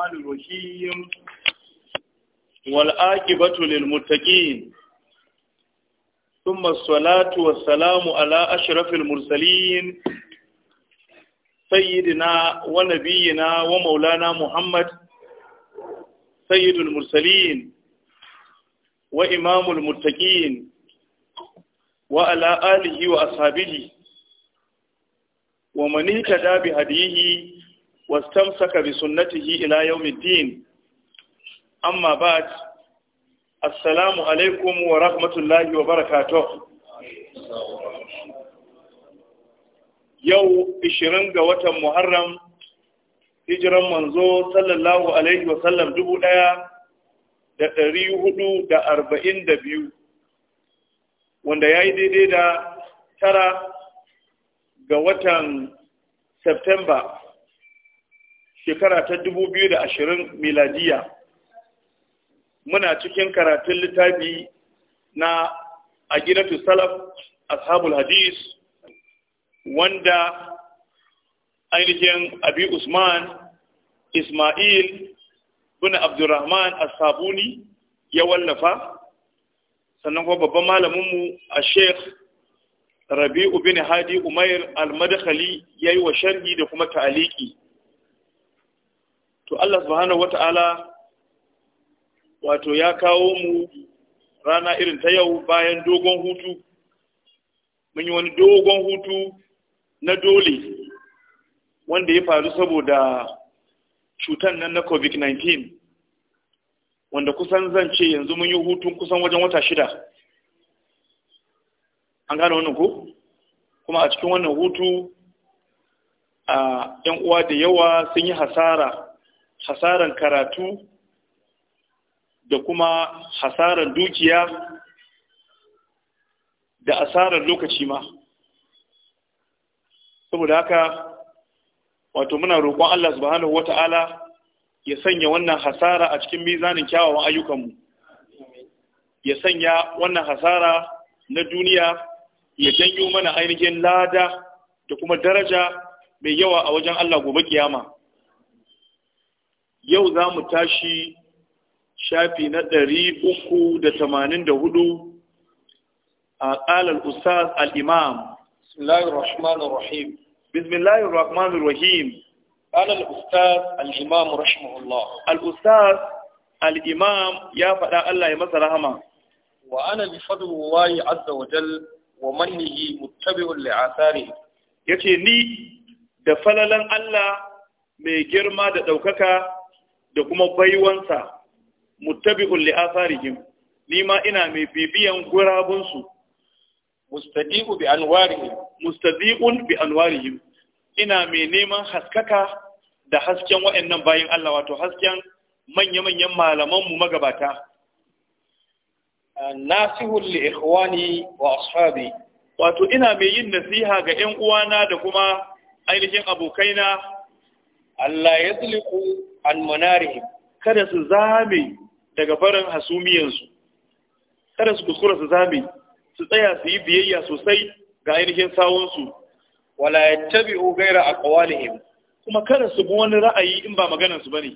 الرحمن الرحيم والآكبة للمتقين ثم الصلاة والسلام على أشرف المرسلين سيدنا ونبينا ومولانا محمد سيد المرسلين وإمام المتقين وعلى آله وأصحابه ومن اهتدى بهديه واستمسك بسنته إلى يوم الدين أما Assalamu alaikum wa rahmatullahi wa barakato. yau 20 ga watan Muharram hijiran manzo sallallahu alaihi wa sallam dubu ɗaya da ɗari hudu da arba'in da biyu wanda ya yi daidai da tara ga watan Septemba shekara ta dubu biyu da ashirin miladiya muna cikin karatun littafi na a gidatu salaf ashabul hadis wanda ainihin abi usman ismail bin abdurrahman as ya wallafa sannan kuma babban malaminmu a sheikh rabi'u bin hadi umair al ya yi wa sharhi da kuma ta'aliki to Allah subhanahu wata'ala wato ya kawo mu rana irin ta yau bayan dogon hutu mun yi wani dogon hutu na dole wanda ya faru saboda cutan nan na covid-19 wanda kusan zan ce yanzu mun yi hutun kusan wajen wata shida an gane wannan ko kuma a cikin wannan hutu a 'yan uwa da yawa sun yi hasara hasaran karatu da kuma hasaran dukiya da asarar lokaci ma saboda haka wato muna roƙon Allah subhanahu wata'ala ya sanya wannan hasara a cikin mizanin kyawawan ayyukanmu ya sanya wannan hasara na duniya ya janyo mana ainihin lada da kuma daraja mai yawa a wajen Allah gobe kiyama yau za mu tashi shafi na ɗari uku da tamanin da hudu a ƙalar usas al'imam bismillahir rahmanir rahim ya الأستاذ الإمام رحمه الله الأستاذ الإمام يا فدا الله يمس رحمه وأنا بفضل الله عز وجل ومنه متبع لآثاره ni da دفللن Allah mai girma da ɗaukaka da kuma baiwansa muttabi'un li nima ni ma ina mai bibiyan gurabun su mustadiqu bi anwarihim mustadiqun bi anwarihim ina mai neman haskaka da hasken wa'annan bayin Allah wato hasken manya-manyan malaman mu magabata nasihul li ikhwani wa ashabi wato ina mai yin nasiha ga 'yan uwana da kuma ainihin abokaina Allah ya tsiliku an manarihim kada su zame daga barin hasumiyansu kada su kuskura su zame su tsaya su yi biyayya sosai ga ainihin sawunsu wala ya yattabi'u a kawalihim kuma kada su bi wani ra'ayi in ba maganar su ne.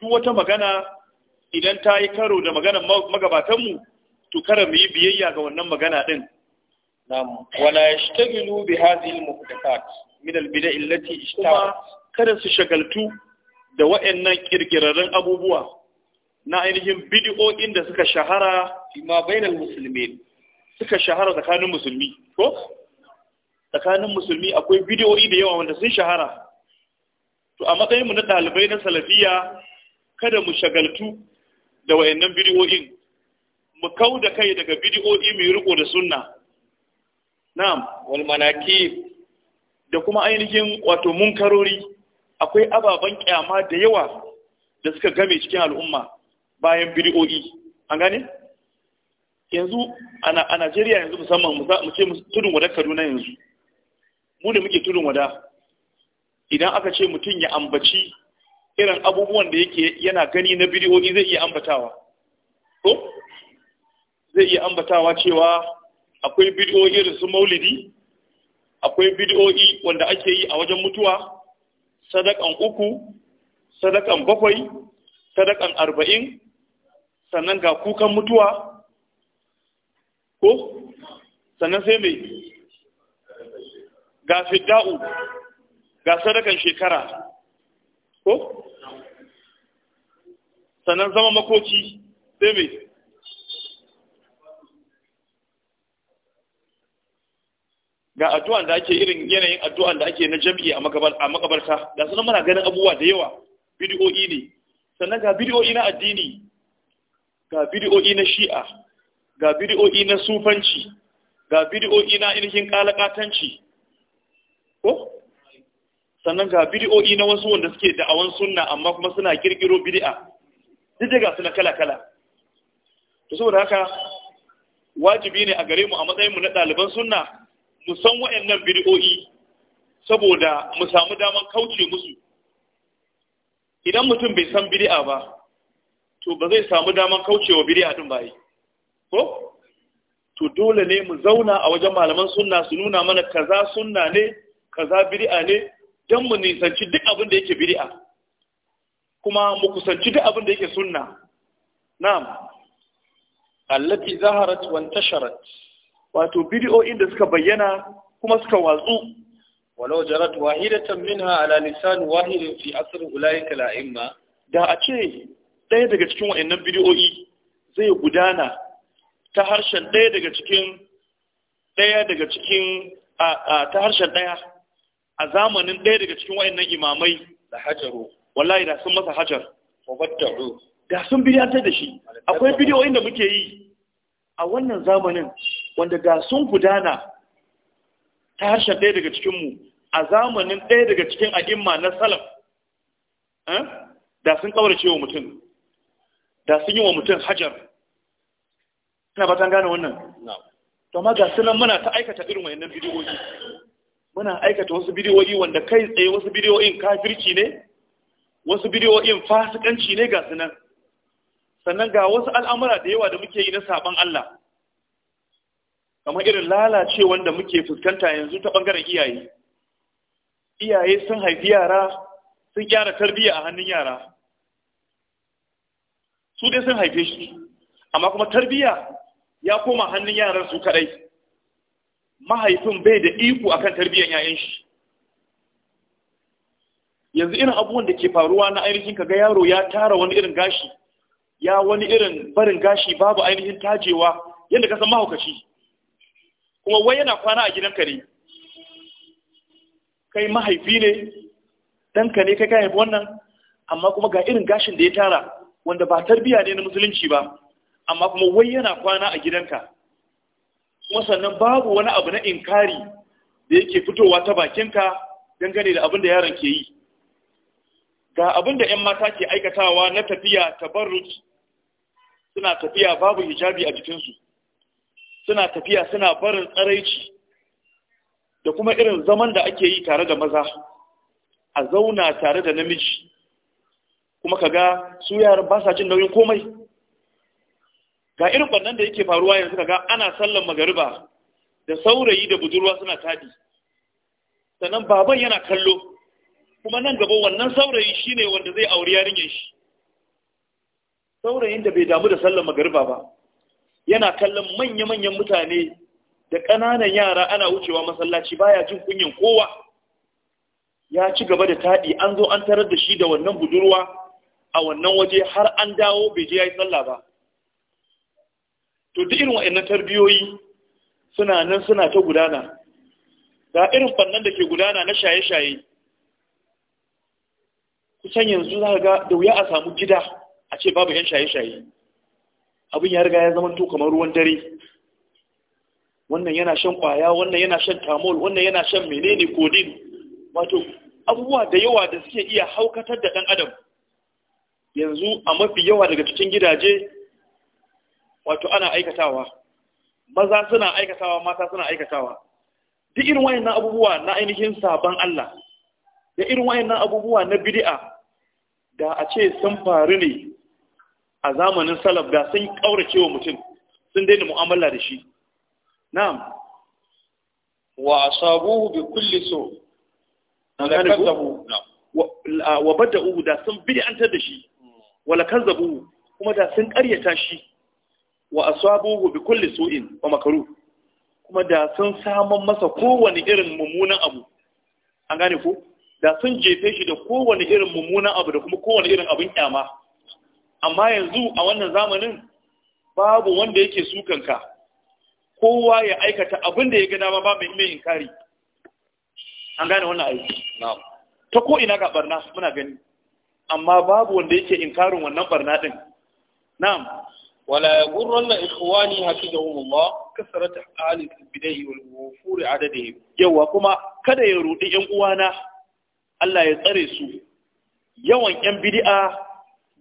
duk wata magana idan ta yi karo da maganar magabatanmu to kada mu yi biyayya ga wannan magana din nam wala yashtagilu bi hadhihi al-muhdathat min al-bida'i allati kada su shagaltu da waɗannan ƙirƙirarren abubuwa na ainihin bidiyoyin da suka shahara ma bainal musulmi suka shahara tsakanin musulmi ko tsakanin musulmi akwai bidiyoyi da yawa wanda sun shahara to a matsayinmu na ɗalibai na salafiya kada mu shagaltu da wayannan bidiyoyin mu kau da kai daga bidiyoyi mai riko da sunna na'am wal da kuma ainihin wato munkarori akwai ababen kyama da yawa da suka game cikin al'umma bayan bidiyoyi an gane yanzu a najeriya yanzu musamman mu ce tudun wada kaduna yanzu mu da muke tudun wada idan aka ce mutum ya ambaci irin abubuwan da yake yana gani na bidiyoyi zai iya ambatawa ko zai iya ambatawa cewa akwai bidi'o'i irin su maulidi akwai bidi'o'i wanda ake yi a wajen mutuwa sadakan uku sadakan bakwai sadakan arba'in sannan ga kukan mutuwa ko sannan sai mai ga fidda'u ga sadakan shekara ko sannan zama makoci sai mai ga addu'an da ake irin yanayin addu'an da ake na jam'i a makabarta da sunan muna ganin abubuwa da yawa bidiyo'i ne sannan ga bidiyo'i na addini ga bidiyo'i na shi'a ga bidiyo'i na sufanci ga bidiyo'i na inihin kalakatanci ko sannan ga bidiyo'i na wasu wanda suke da'awan sunna amma kuma suna kirkiro bidi'a duk ga suna kala-kala to saboda haka wajibi ne a gare mu a matsayin mu na ɗaliban sunna mu san wayannan bid'o'i saboda mu samu daman kauce musu idan mutum bai san bid'a ba to ba zai samu daman kaucewa bid'a din ba ko to dole ne mu zauna a wajen malaman sunna su nuna mana kaza sunna ne kaza bid'a ne dan mu nisanci duk abin da yake bid'a kuma mu kusanci duk abin da yake sunna na'am allati zaharat wa intasharat wato bidiyoyin da suka bayyana kuma suka watsu walau jarat wahidatan minha ala lisan wahid fi asr ulaika la imma da a ce ɗaya daga cikin wa'annan bidiyoyi zai gudana ta harshen ɗaya daga cikin ɗaya daga cikin ta harshen ɗaya a zamanin ɗaya daga cikin wa'annan imamai da hajaru wallahi da sun masa hajar da sun bidiyantar da shi akwai bidiyoyin da muke yi a wannan zamanin wanda ga sun gudana ta harshen ɗaya daga cikinmu a zamanin ɗaya daga cikin a'imma na salam eh, da sun ƙaurace wa mutum da sun yi wa mutum hajar ina ba ta gane wannan to ma ga sunan muna ta aikata irin wayannan bidiyoyi muna aikata wasu bidiyoyi wanda kai tsaye wasu bidiyoyin kafirci ne wasu bidiyoyin fasikanci ne ga sunan sannan ga wasu al'amura da yawa da muke yi na saban Allah kamar irin lalace wanda muke fuskanta yanzu ta bangaren iyaye iyaye sun haifi yara sun gyara tarbiyya a hannun yara su dai sun haife shi amma kuma tarbiyya ya koma hannun yaran su kadai mahaifin bai da iko akan tarbiyyar yayan shi yanzu irin abubuwan da ke faruwa na ainihin kaga yaro ya tara wani irin gashi ya wani irin barin gashi babu ainihin tajewa yadda ka san mahaukaci kuma wai yana kwana a gidanka ne kai mahaifi ne ɗanka ne kai haifi wannan amma kuma ga irin gashin da ya tara wanda ba tarbiya ne na musulunci ba amma kuma wai yana kwana a gidanka kuma sannan babu wani abu na inkari da yake fitowa ta bakinka dangane da abin da yaron ke yi ga abin da 'yan mata ke aikatawa na tafiya tabarruj suna tafiya babu hijabi a jikinsu suna tafiya suna barin tsaraici da kuma irin zaman da ake yi tare da maza a zauna tare da namiji kuma kaga su yaran ba sa jin nauyin komai ga irin bannan da yake faruwa yanzu kaga ana sallan magariba da saurayi da budurwa suna tadi sannan baban yana kallo kuma nan gaba wannan saurayi shine wanda zai auri yarinyar shi saurayin da bai damu da sallan magariba ba yana kallon manya-manyan mutane da ƙananan yara ana wucewa masallaci baya jin kunyan kowa ya ci gaba da taɗi an zo an tarar da shi da wannan budurwa a wannan waje har an dawo bai je ya yi sallah ba to duk irin wa'annan tarbiyoyi suna nan suna ta gudana ga irin fannan da ke gudana na shaye-shaye kusan yanzu za ga da wuya a samu gida a ce babu 'yan shaye-shaye abin ya riga ya zama to kamar ruwan dare wannan yana shan kwaya wannan yana shan tamol wannan yana shan menene kodin wato abubuwa da yawa da suke iya haukatar da ɗan adam yanzu a mafi yawa daga cikin gidaje wato ana aikatawa maza suna aikatawa mata suna aikatawa duk irin wayannan abubuwa na ainihin sabon Allah da irin wayannan abubuwa na bid'a da a ce sun faru ne a zamanin salaf da sun kaurace wa mutum sun daina mu'amala da shi na'am wa asabuhu bi kulli su lakazzabu wa bada'u da sun bid'antar da shi wa lakazzabu kuma da sun ƙaryata shi wa asabuhu bi kulli su'in wa makaru kuma da sun saman masa kowane irin mummunan abu an gane ko da sun jefe shi da kowane irin mummunan abu da kuma kowane irin abin kyama amma yanzu a wannan zamanin babu wanda yake sukanka kowa ya aikata abin da ya gada ba mai mai inkari an gane wannan aiki ta ko ina ga barna muna gani amma babu wanda yake inkarin wannan barna din na'am wala yaghurranna ikhwani kasarar ta halin bidai wal furi adadi yawa kuma kada ya rudi yan uwana Allah ya tsare su yawan yan bid'a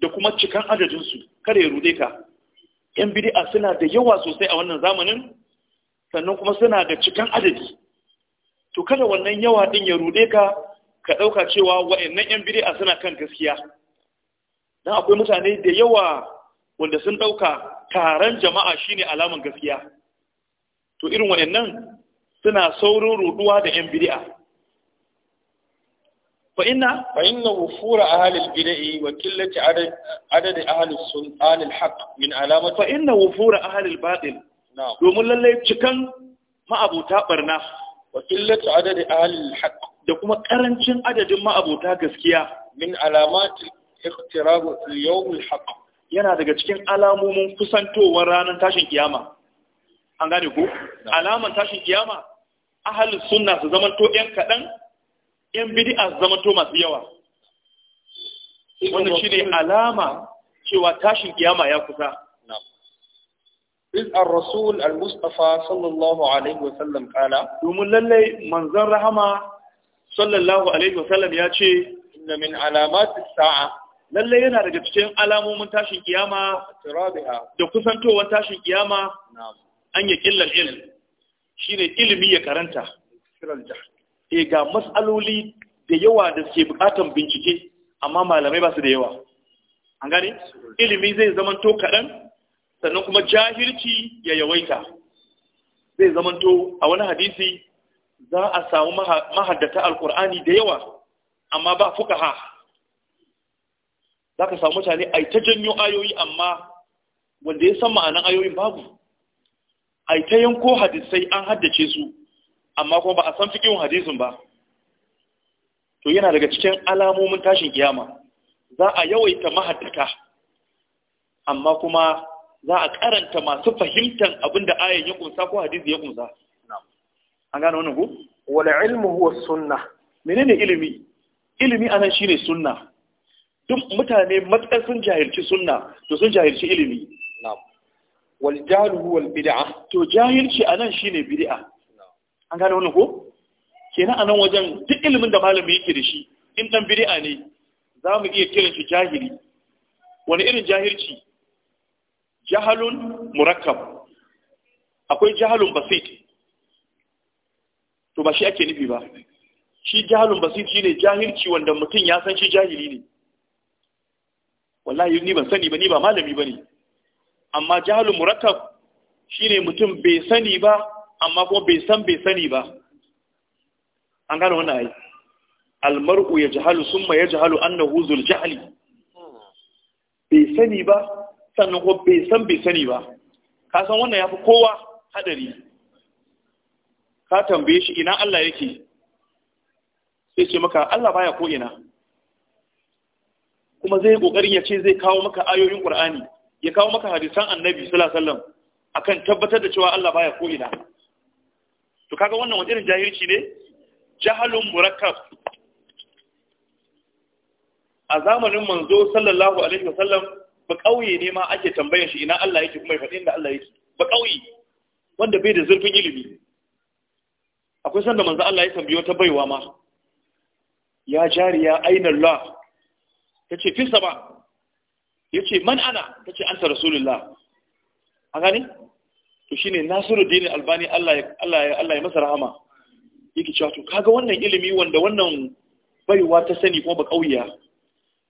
da kuma cikan adadinsu kada ya rude ka yan bid'a suna da yawa sosai a wannan zamanin sannan kuma suna da cikan adadi to kada wannan yawa din ya rude ka ka ɗauka cewa wayannan yan bid'a suna kan gaskiya dan akwai mutane da yawa wanda sun ɗauka taron jama'a shine alaman gaskiya to irin wayannan suna saurin ruduwa da yan bid'a fa inna fa inna wufura ahli al-bid'i wa qillati adad adad ahli sun ahli al-haq min alamat fa inna wufura ahli al-batil domin lalle cikan ma'abuta barna wa qillati adad ahli al-haq da kuma karancin adadin ma'abuta gaskiya min yana daga cikin alamomin kusantowar ranar tashin kiyama an gane tashin kiyama ahalin sunna su zamanto 'yan kaɗan yan bid'a zamanto masu yawa wannan ne alama cewa tashin kiyama ya kusa iz ar-rasul al-mustafa sallallahu alaihi wa sallam domin lallai manzon rahama sallallahu alaihi wa ya ce inna min alamati sa'a Lallai yana daga cikin alamomin tashin kiyama da kusantowar tashin kiyama an ya killal ilm ne ilimi ya karanta e ga matsaloli da yawa da suke bukatan bincike amma malamai ba su da yawa an gane ilimi zai zamanto kaɗan sannan kuma jahilci ya yawaita zai zamanto a wani hadisi za a samu mahaddata alkur'ani da yawa amma ba ha. za ka samu mutane a ta janyo ayoyi amma wanda ya san ma'anan ayoyin babu a ta yanko hadisai an haddace su amma kuma ba a san fikin hadisin ba to yana daga cikin alamomin tashin kiyama za a yawaita mahaddaka. amma kuma za a karanta masu fahimtar abin da ayan ya kunsa ko hadisi ya kunsa an gane wannan ku wala ilmu huwa sunna menene ilimi ilimi anan shine sunna duk mutane matsar sun jahilci sunna to sun jahilci ilimi na'am wal jahlu huwa al bid'ah to jahilci anan shine bid'ah an gane wani ko kenan anan wajen duk ilimin da malami yake da shi in dan bid'a ne za mu iya kiran shi jahili wani irin jahilci jahalun murakkab akwai jahalun basit to ba shi ake nufi ba shi jahalun basit shine jahilci wanda mutum ya san shi jahili ne wallahi ni ban sani ba ni ba malami bane amma jahalun murakkab shine mutum bai sani ba amma kuma bai san bai sani ba an gano wannan ai almar'u yajhalu summa yajhalu annahu zul jahli bai sani ba sannan kuma bai san bai sani ba ka san wannan yafi kowa hadari ka tambaye shi ina Allah yake sai ce maka Allah baya ko ina kuma zai kokarin ya ce zai kawo maka ayoyin Qur'ani ya kawo maka hadisan Annabi sallallahu alaihi wasallam akan tabbatar da cewa Allah baya ko ina to kaga wannan wajen irin jahilci ne jahalun murakkab a zamanin manzo sallallahu alaihi wasallam ba kauye ne ma ake tambayar shi ina Allah yake kuma ya faɗi inda Allah yake ba kauye wanda bai da zurfin ilimi akwai sanda manzo Allah ya tambayo ta baiwa ma ya jariya aina Allah tace fi sama yace man ana tace anta rasulullah a gani to shine Nasiruddin Albani Allah ya Allah ya Allah ya masa rahama yake cewa to kaga wannan ilimi wanda wannan baiwa ta sani kuma ba kauya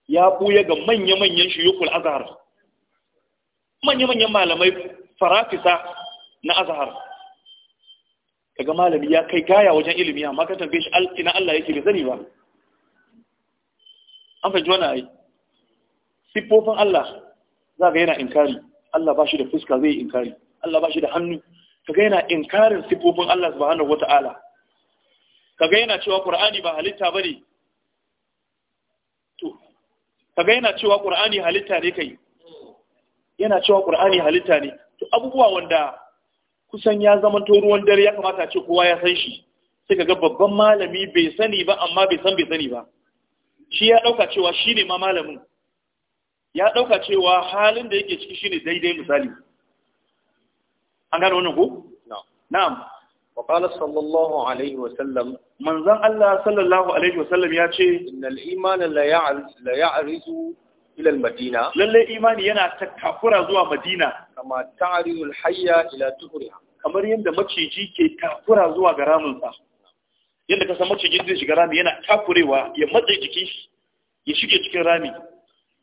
ya buya ga manya-manyan shuyukul azhar manya-manyan malamai farafisa na azhar kaga malami ya kai gaya wajen ilimi amma ka tambaye shi ina Allah yake bai sani ba an fahimci wannan ai Allah za ga yana inkari Allah ba shi da fuska zai inkari Allah ba shi da hannu kaga yana inkarin sifofin Allah subhanahu wata'ala kaga yana cewa Qur'ani ba halitta bane to kaga yana cewa Qur'ani halitta ne kai yana cewa Qur'ani halitta ne to abubuwa wanda kusan ya zama to ruwan dare ya kamata a ce kowa ya san shi sai kaga babban malami bai sani ba amma bai san bai sani ba shi ya dauka cewa shine ma malamin ya dauka cewa halin da yake ciki shine daidai misali an gano wannan ko na'am wa qala sallallahu alaihi wa sallam manzon Allah sallallahu alaihi wa sallam ya ce innal imana la ya'rizu la ya'rizu ila al-madina lalle imani yana takafura zuwa madina kama ta'rizu al-hayya ila tuhriha kamar yadda maciji ke takura zuwa garamunsa, ramunsa yadda ka san maciji zai shiga rami yana takurewa ya matse jiki ya shige cikin rami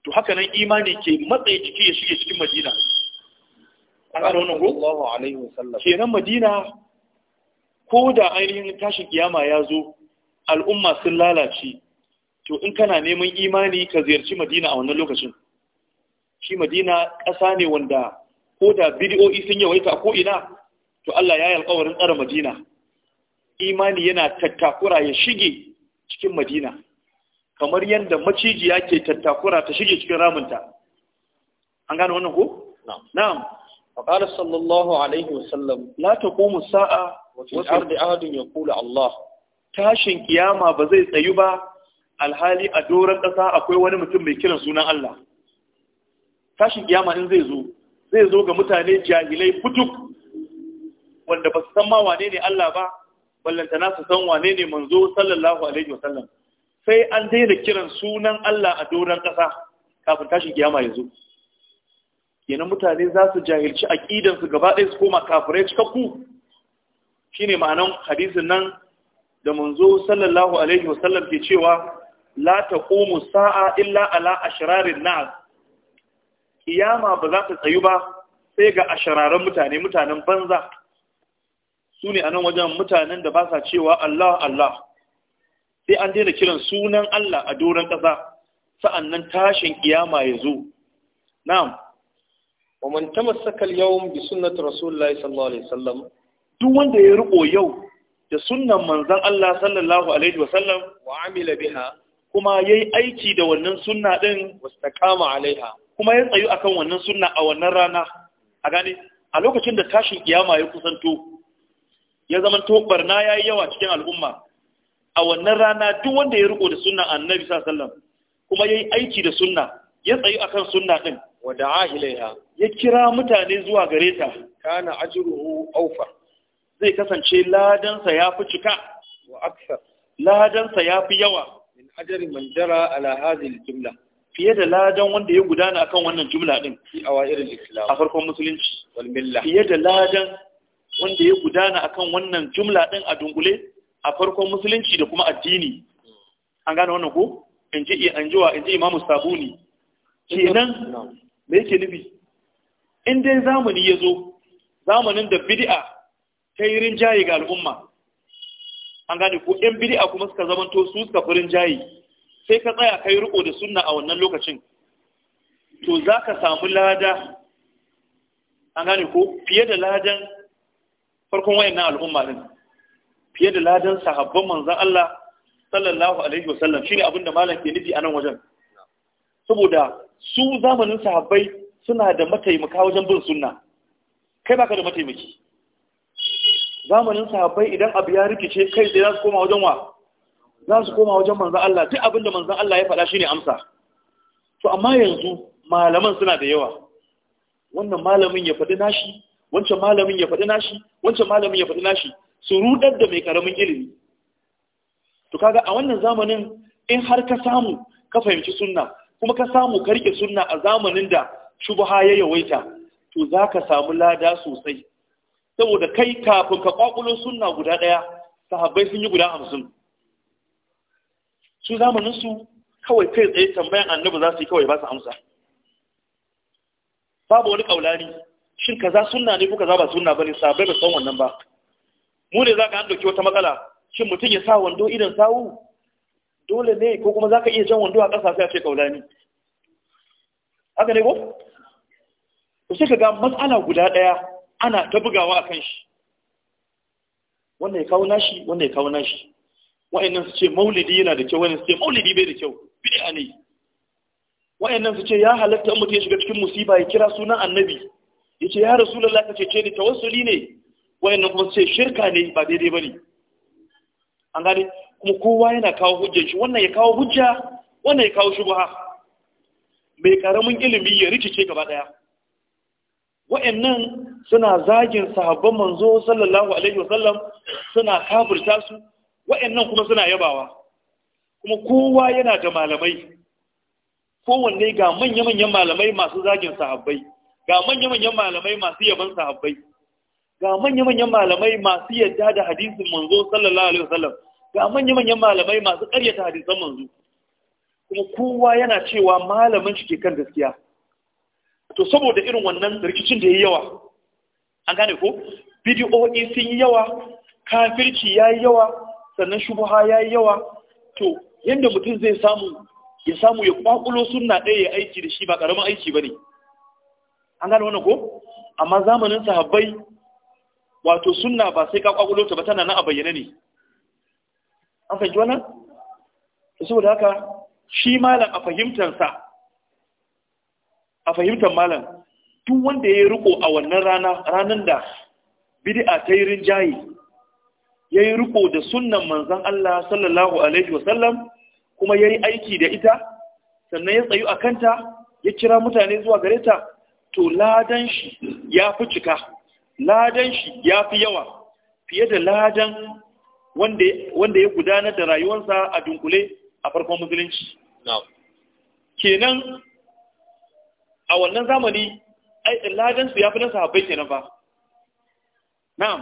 to haka nan imani ke matse jiki ya shige cikin madina an kenan madina ko da ainihin tashi kiyama ya zo al'umma sun lalace to in kana neman imani ka ziyarci madina a wannan lokacin shi madina ƙasa ne wanda ko da bidiyoyi sun yawaita ko ina to Allah ya yi alƙawarin tsara madina imani yana tattakura ya shige cikin madina kamar yadda maciji ke tattakura ta shige cikin ramunta an gane wannan ko na'am فقال صلى الله عليه وسلم لا تقوم الساعة وفي الأرض أحد يقول الله tashin kiyama ba zai tsayu ba alhali a doron ƙasa akwai wani mutum mai kiran sunan Allah tashin kiyama in zai zo zai zo ga mutane jahilai fituk wanda ba su san ma wane ne Allah ba ballantana su san wane ne manzo sallallahu alaihi wasallam sai an daina kiran sunan Allah a doron ƙasa kafin tashin kiyama ya zo kenan mutane za su jahilci ƙidansu gaba ɗaya su koma kafirai cikakku ne ma'anan hadisin nan da manzo sallallahu alaihi wasallam ke cewa la taqumu sa'a illa ala ashirarin nas kiyama ba za ta tsayu ba sai ga ashirarin mutane mutanen banza su ne anan wajen mutanen da ba sa cewa Allah Allah sai an daina kiran sunan Allah a doron ƙasa sa'annan tashin kiyama ya zo na'am wa man tamassaka al-yawm bi sunnati rasulillahi sallallahu alaihi wasallam duk wanda ya riko yau da sunnan manzon Allah sallallahu alaihi wasallam wa amila biha kuma yayi aiki da wannan sunna din wastaqama alaiha kuma ya tsayu akan wannan sunna a wannan rana a gane a lokacin da tashin kiyama ya kusanto ya zama to barna yayi yawa cikin al'umma a wannan rana duk wanda ya riko da sunna annabi sallallahu alaihi wasallam kuma yayi aiki da sunna ya tsayi kan sunna ɗin. wa da'a ha? ya kira mutane zuwa gare ta kana ajruhu aufa zai kasance ladansa ya fi cika wa aksar ladansa ya fi yawa min ajri manjara ala hadhihi jumla fiye da ladan wanda ya gudana akan wannan jumla din fi awairin islam a farkon musulunci wal milla fiye da ladan wanda ya gudana akan wannan jumla din a dungule a farkon musulunci da kuma addini an gane wannan ko in ji in ji wa in ji imamu sabuni kenan me yake nufi in dai zamani ya zo zamanin da bid'a ta yi rinjaye ga al'umma an gane ko yan bid'a kuma suka to su suka fi rinjaye sai ka tsaya kai riko da sunna a wannan lokacin to za ka samu lada an gane ko fiye da ladan farkon wayan na al'umma din fiye da ladan sahabban manzan Allah sallallahu alaihi wasallam shine abinda malam ke nufi a nan wajen saboda su zamanin sahabbai suna da mataimaka wajen bin sunna kai baka da mataimaki zamanin sahabbai idan abu ya rikice kai sai za su koma wajen wa za su koma wajen manzan Allah duk abinda manzan Allah ya faɗa shine amsa to amma yanzu malaman suna da yawa wannan malamin ya faɗi nashi wancan malamin ya faɗi nashi wancan malamin ya faɗi nashi su rudar da mai karamin ilimi to kaga a wannan zamanin in har ka samu ka fahimci sunna kuma ka samu karke sunna a zamanin da shubha ya yawaita to za ka samu lada sosai saboda kai kafin ka kwakulo sunna guda ɗaya sahabbai sun yi guda hamsin su zamanin su kawai kai tsaye tambayan annabi za su yi kawai ba su amsa babu wani kaulani shin kaza sunna ne ko kaza ba sunna bane sahabbai ba san wannan ba mu ne za ka an wata matsala shin mutum ya sa wando idan sawu dole ne ko kuma za ka iya jan wando a ƙasa sai a ce kaulani haka ne ko to sai ka ga matsala guda ɗaya ana ta bugawa a kan shi wannan ya kawo nashi wannan ya kawo nashi wa'annan su ce maulidi yana da kyau wa'annan su ce maulidi bai da kyau a ne wa'annan su ce ya halatta in mutum ya shiga cikin musiba ya kira sunan annabi ya ce ya rasu lallai ka cece ni tawassuli ne wa'annan kuma su ce shirka ne ba daidai ba ne. an gane kuma kowa yana kawo hujjar shi wannan ya kawo hujja wannan ya kawo shubha mai karamin ilimi ya rikice gaba daya wa'annan suna zagin sahabban manzo sallallahu alaihi wasallam suna kafirta su wa'annan kuma suna yabawa kuma kowa yana da malamai kowanne ga manya-manyan malamai masu zagin sahabbai ga manya-manyan malamai masu yaban sahabbai ga manya-manyan malamai masu yadda da hadisin manzo sallallahu alaihi wasallam ga manya-manyan malamai masu ƙaryata hadisan manzo kuma kowa yana cewa malamin shi ke kan gaskiya to saboda irin wannan rikicin da ya yi yawa an gane ko bidiyoyi sun yi yawa kafirci ya yi yawa sannan shubuha ya yi yawa to yadda mutum zai samu ya samu ya kwakulo sunna ɗaya ya aiki da shi ba ƙaramin aiki ba ne an gane wannan ko amma zamanin sahabbai wato sunna ba sai ka kwakulo ta ba tana na a bayyane ne an fahimci wannan saboda haka shi malam a fahimtarsa a fahimtar malam duk wanda ya yi riko a wannan rana ranar da bid'a ta yi rinjaye ya yi riko da sunnan Manzon Allah sallallahu alaihi wasallam kuma ya yi aiki da ita sannan ya tsayu a kanta ya kira mutane zuwa gare ta to ladan shi ya fi cika ladan shi ya fi yawa fiye da ladan wanda ya gudanar da rayuwarsa a dunkule a farkon musulunci kenan a wannan zamani ladansu ya fi na sahabbai kenan ba na'am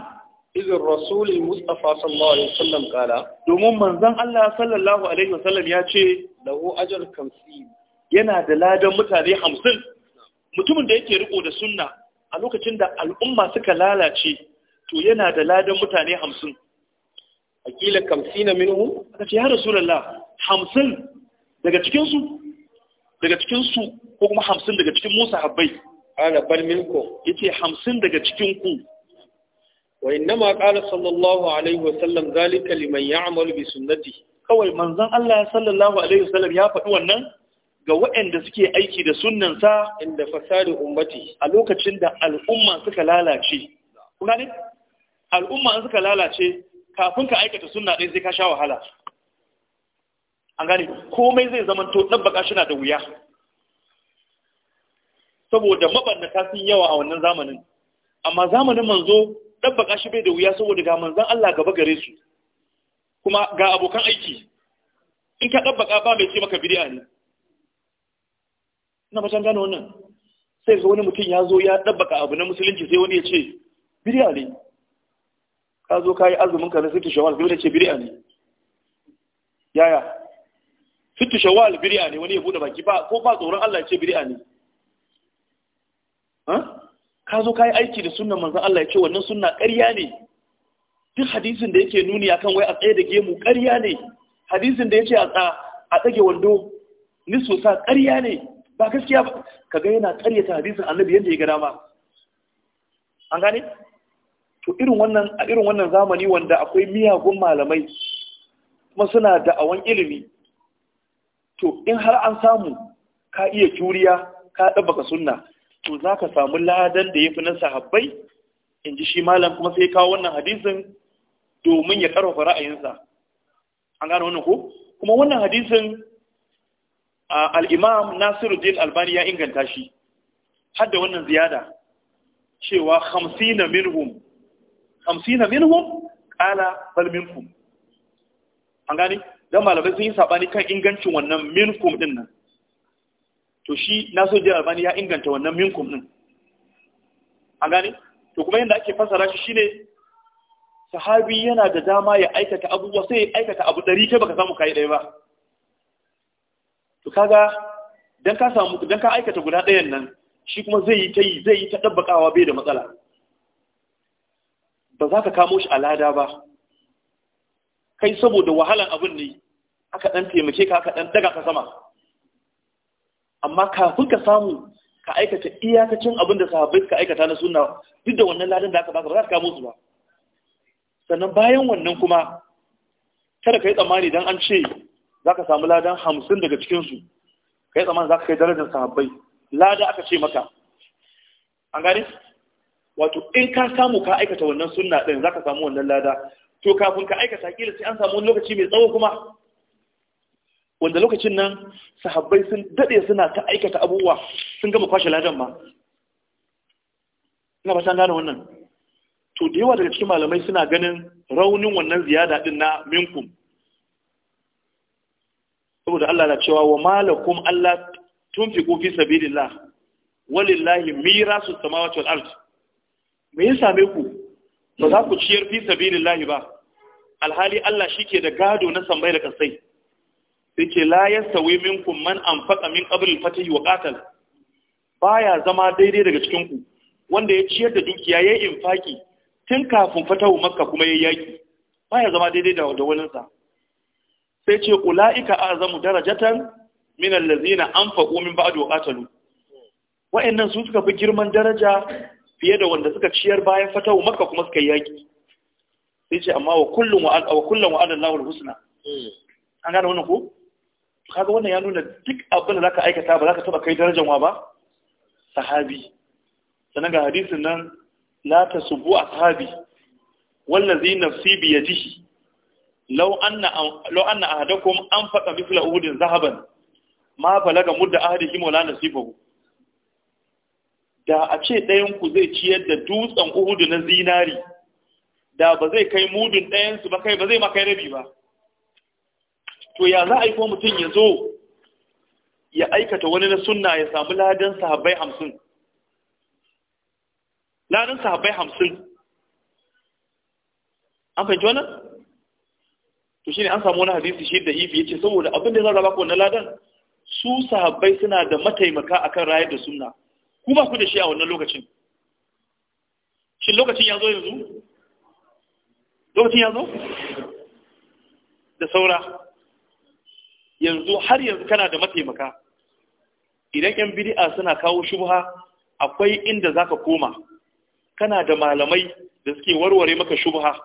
izin rasulun Mustapha sallallahu alaihi wasallam kala domin manzan Allah sallallahu alaihi wasallam ya ce lahu ajar kamsi yana da ladan mutane hamsin mutumin da yake riko da sunna a lokacin da al'umma suka lalace to yana da ladan mutane hamsin akila kamsina minhum aka ce ya rasulullah hamsin daga cikin su daga cikin su ko kuma hamsin daga cikin musa habbai ana bal minkum yace hamsin daga cikin ku wa innama qala sallallahu alaihi wa sallam zalika liman ya'mal bi sunnati kawai manzon Allah sallallahu alaihi wa sallam ya faɗi wannan ga waɗanda suke aiki da sunnansa inda fasadi ummati a lokacin da al'umma suka lalace kuma ne al'umma suka lalace kafin ka aikata suna ɗaya sai ka sha wahala an gane komai zai zama to ɗan baka shi na da wuya saboda mabannata sun yawa a wannan zamanin amma zamanin manzo ɗan baka shi bai da wuya saboda ga manzan Allah gaba gare su kuma ga abokan aiki in ka baka ba mai ce maka ne ina matan gane wannan sai zo wani mutum ya zo ya ɗabbaka abu na musulunci sai wani ya ce bid'a ne ka zo ka yi azumin ka na sittu shawwal sai ce bid'a ne yaya fitu shawal biriya ne wani ya bude baki ba ko ba tsoron Allah ya ce biriya ne ka zo ka yi aiki da sunnan manzon Allah ya ce wannan sunna ƙarya ne duk hadisin da yake nuni akan wai a tsaye da gemu ƙarya ne hadisin da ya a a tsage wando nisu sa ƙarya ne ba gaskiya ba kaga yana ƙaryata hadisin annabi yadda ya ga dama an gane to irin wannan a irin wannan zamani wanda akwai miyagun malamai kuma suna da da'awan ilimi to in har an samu ka iya juriya ka ɗabaka sunna to za ka samu ladan da yafi fi na sahabbai in ji shi malam kuma sai kawo wannan hadisin domin ya ƙarfafa ra'ayinsa an gano wannan ko kuma wannan hadisin al-Imam al-imam nasiruddin albani ya inganta shi hadda wannan ziyada cewa hamsina minhum hamsina minhum qala bal minkum an gani dan malamai sun yi sabani kan ingancin wannan minkum din nan to shi na so jira bani ya inganta wannan minkum din an gani to kuma yanda ake fasara shi shine sahabi yana da dama ya aikata abubuwa sai ya aikata abu dari kai baka samu kai ɗaya ba to kaga dan ka samu dan ka aikata guda ɗayan nan shi kuma zai yi ta yi zai yi ta dabbakawa bai da matsala ba za ka kamo shi a lada ba kai saboda wahalan abin ne aka ɗan taimake ka aka ɗan daga ka sama amma kafin ka samu ka aikata iyakacin abin da sahabbai ka aikata na sunna duk da wannan ladan da aka baka ba za ka kamo su ba sannan bayan wannan kuma kada ka yi tsammani dan an ce za ka samu ladan hamsin daga cikinsu ka yi tsammani za ka kai darajar sahabbai lada aka ce maka an gane wato in ka samu ka aikata wannan sunna din zaka samu wannan lada to kafin ka aikata kila sai an samu wani lokaci mai tsawo kuma wanda lokacin nan sahabbai sun dade suna ta aikata abubuwa sun gama kwashe ladan ma ina ba san gane wannan to da yawa daga cikin malamai suna ganin raunin wannan ziyada din na minkum saboda Allah na cewa wa malakum Allah tunfiqu fi sabilillah walillahi mirasu samawati wal ardh me ya same ku ba za ku ciyar fi sabilillahi ba alhali Allah shi ke da gado na sambai da kasai sai ce la yastawi minkum man anfaqa min qabl al-fatih wa qatal baya zama daidai daga cikin ku wanda ya ciyar da dukiya yayin infaki tun kafin fatahu makka kuma yayi yaki baya zama daidai da da wani sa sai ce ulaika azamu darajatan min allazina anfaqu min ba'd wa qatalu wa'annan su suka fi girman daraja fiye da wanda suka ciyar bayan fatahu maka kuma suka yaki sai ce amma wa kullum wa kullum wa adallahu alhusna hmm. an gane wannan ko kaga wannan ya nuna duk abin da zaka aikata ba zaka taba kai darajar wa ba sahabi sanan ga hadisin nan la tasubbu ashabi wallazi nafsi bi yadihi law anna law anna ahadakum anfaqa mithla uhudin zahaban ma balaga mudda ahadihi wala nasibahu da a ce ɗayanku zai ciyar da dutsen uhudu na zinari da ba zai kai mudun ɗayansu ba kai ba zai makai rabi ba to ya za a yi mutum ya zo ya aikata wani na suna ya samu ladan sahabbai hamsin ladan sahabbai hamsin an fahimci wannan to shi ne an samu wani hadisi shi da ifi ce saboda abin da zan raba ko na ladan su sahabbai suna da mataimaka akan rayar da sunna ku ba ku da shi a wannan lokacin shin lokacin ya zo yanzu lokacin ya zo da saura yanzu har yanzu kana da mataimaka idan 'yan bidi'a suna kawo shubha akwai inda zaka koma kana da malamai da suke warware maka shubha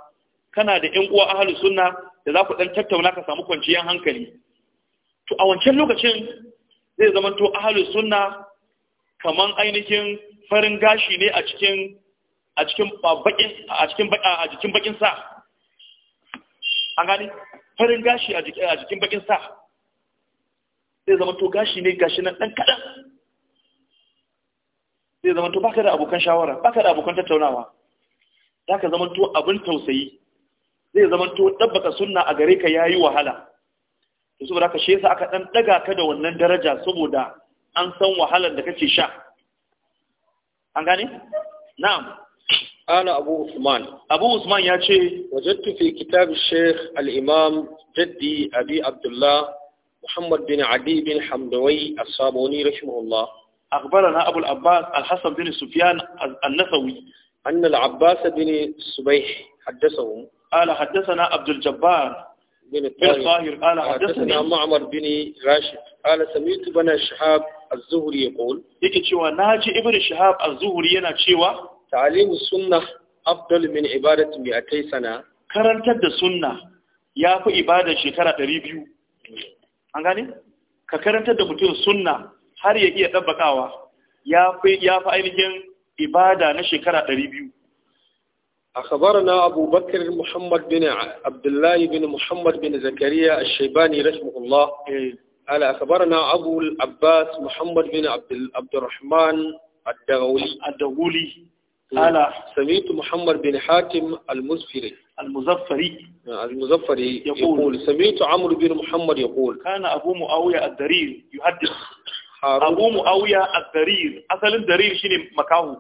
kana da 'yan uwa ahli sunna da za ku dan tattauna ka samu kwanciyar hankali to a wancan lokacin zai zama to ahli sunna kaman ainihin farin gashi ne a cikin a cikin bakin a cikin a jikin bakin sa an gani farin gashi a jikin a jikin bakin sa zai zama to gashi ne gashi nan dan kadan zai zama to baka da abokan shawara baka da abokan tattaunawa zaka zama to abin tausayi zai zama to dabbaka sunna a gare ka yayi wahala to saboda ka shesa aka dan daga ka da wannan daraja saboda an san wahalar da kake sha an gane na'am ala abu usman abu usman ya ce wajattu fi kitab shaykh al-imam jaddi abi abdullah muhammad bin adi bin hamdawi as-sabuni rahimahullah akhbarana abu al-abbas al-hasan bin sufyan an-nasawi أن العباس بن الصبيح حدثهم قال حدثنا عبد الجبار بن الطاهر قال حدثنا معمر بن راشد قال سميت بن الشهاب az-Zuhri yaqul yake cewa naji Ibn Shihab az-Zuhri yana cewa ta'limu sunnah afdal min ibadati mi'atay sana karantar da sunna yafi shekara 200 an gane ka karantar da mutum sunna har ya iya dabbakawa yafi yafi ainihin ibada na shekara 200 أخبرنا أبو بكر محمد بن عبد الله بن محمد بن زكريا الشيباني رحمه الله قال أخبرنا أبو العباس محمد بن عبد عبد الرحمن الدغولي الدغولي قال سمعت محمد بن حاتم المزفري المزفري المزفري يقول, يقول سمعت عمرو بن محمد يقول كان أبو معاوية الدرير يحدث أبو معاوية الدرير أصلا الدرير شنو مكاهو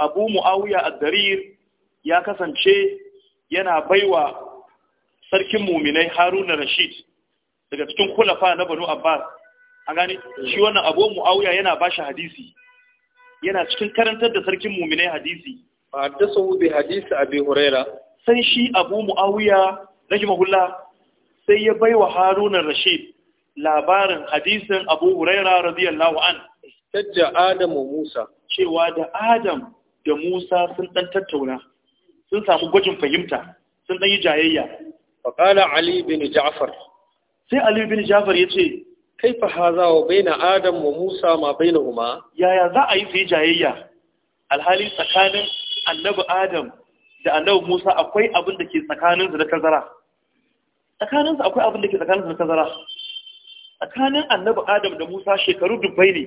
أبو معاوية الدرير يا كسانشي yana baiwa sarkin muminai haruna rashid daga cikin kulafa na banu abbas a gane shi wannan abu muawiya yana bashi hadisi yana cikin karantar da sarkin muminai hadisi fa haddathu bi hadisi abi huraira sai shi abu muawiya rahimahullah sai ya baiwa haruna rashid labarin hadisin abu huraira radiyallahu an tajja adamu musa cewa da adam da musa sun dan tattauna sun samu gwajin fahimta sun dan yi jayayya faqala ali bin ja'far sai Ali bin Jafar ya ce kaifa haza wa baina Adam wa Musa ma baina huma?' yaya za a yi su jayayya alhali tsakanin annabi Adam da annabi Musa akwai abin da ke tsakaninsu na tazara tsakaninsu akwai abin da ke tsakaninsu na tazara tsakanin annabi Adam da Musa shekaru dubbai ne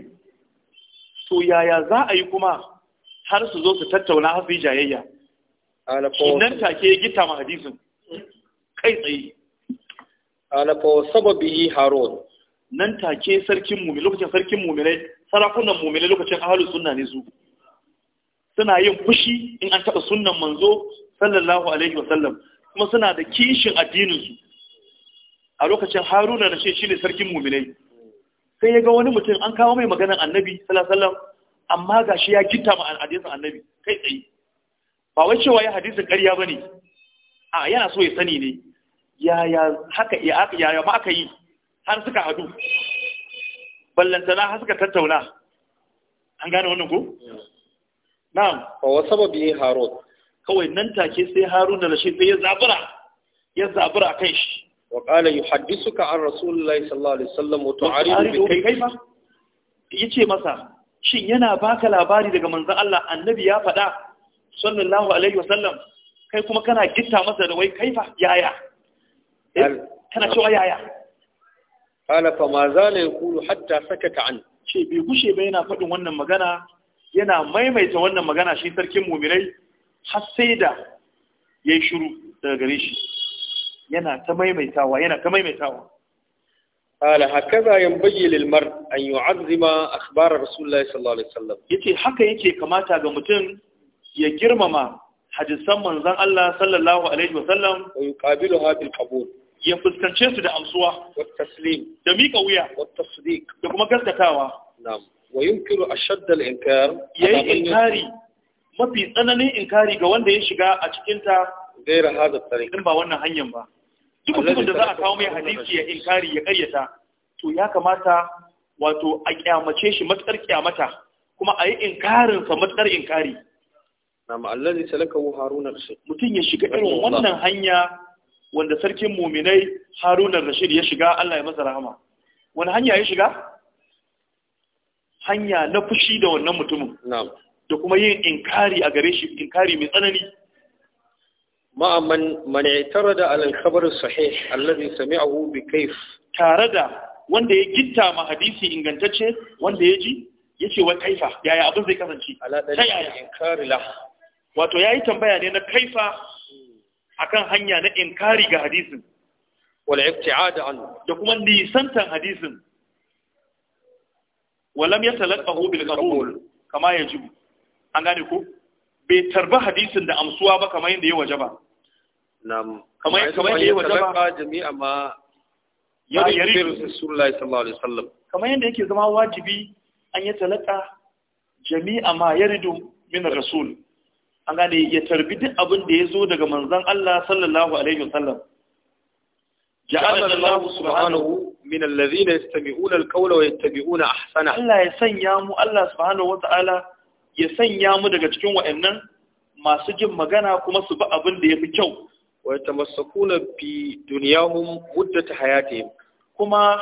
to yaya za a yi kuma har su zo su tattauna har su yi jayayya nan take ya gita ma hadisin kai tsaye ala fa sababi harun nan take sarkin mu'min lokacin sarkin mu'minai sarakunan mu'minai lokacin ahlus sunna ne su suna yin fushi in an taba sunnan manzo sallallahu alaihi wa sallam kuma suna da kishin addinin su a lokacin haruna da shi ne sarkin mu'minai sai ya ga wani mutum an kawo mai maganar annabi sallallahu amma ga shi ya kitta ma hadisin annabi kai tsaye ba wai cewa ya hadisin ƙarya bane a yana so ya sani ne yaya haka yaya ma aka yi har suka hadu ballantana har suka tattauna an gane wannan ku? na'am wa sababi harun kawai nan take sai harun da rashid sai ya zabura ya zabura kai shi wa haddisu ka an rasulullahi sallallahu alaihi sallam, wato wasallam wa tu'aridu bi Ya ce masa shin yana baka labari daga manzan Allah annabi ya faɗa sallallahu alaihi wasallam kai kuma kana gitta masa da wai kaifa yaya kana eh, cewa yaya ala fa ma zala yaqulu hatta sakata an ce bai gushe ba yana faɗin wannan magana yana maimaita wannan magana shi sarkin mumirai har sai da yayi shiru daga gare shi yana ta maimaitawa yana ta maimaitawa ala hakaza yanbaji lil mar an yu'azzima akhbar rasulullahi sallallahu alaihi wasallam yace haka yake kamata ga mutum ya girmama hadisan manzon Allah sallallahu alaihi wasallam wa yuqabilu hadil qabul ya fuskance su da amsuwa wa taslim da mika wuya wa tasdiq da kuma gaskatawa na'am wa yunkiru ashadd al-inkar yayi inkari mafi tsananin inkari ga wanda ya shiga a cikin ta gaira hada tariq in ba wannan hanyar ba duk mutumin da za a kawo mai hadisi ya inkari ya kayyata to ya kamata wato a kyamace shi matsar kyamata kuma a yi inkarin sa matsar inkari na'am allazi salakahu haruna mutum ya shiga irin wannan hanya wanda sarkin muminai haruna rashid ya shiga Allah ya masa rahama wani hanya ya shiga hanya na fushi da wannan mutumin da kuma yin inkari a gare shi inkari mai tsanani ma'amman tare da alkhabar sahih allazi sami'ahu bi kayf tare da wanda ya gitta ma hadisi ingantacce wanda ya ji yace wa kaifa yaya abin zai kasance ala yaya inkari la wato yayi tambaya ne na kaifa akan hanya na inkari ga hadisin wal ibti'ada anhu da kuma nisantan hadisin walam yatalaqahu bil qabul kama yajibu an gane ko bai tarba hadisin da amsuwa ba kamar yadda ya wajaba nam kamar yadda ya wajaba jami'a ma ya yari rasulullahi sallallahu alaihi wasallam kamar yadda yake zama wajibi an yatalaqa jami'a ma yaridu min rasul an gane ya tarbi duk abin da ya zo daga manzon Allah sallallahu alaihi wasallam Allah subhanahu Allah ya sanya mu Allah subhanahu ya sanya mu daga cikin wa'annan masu jin magana kuma su bi abin da fi kyau wa yatamassakuna bi dunyahum muddat hayatihim kuma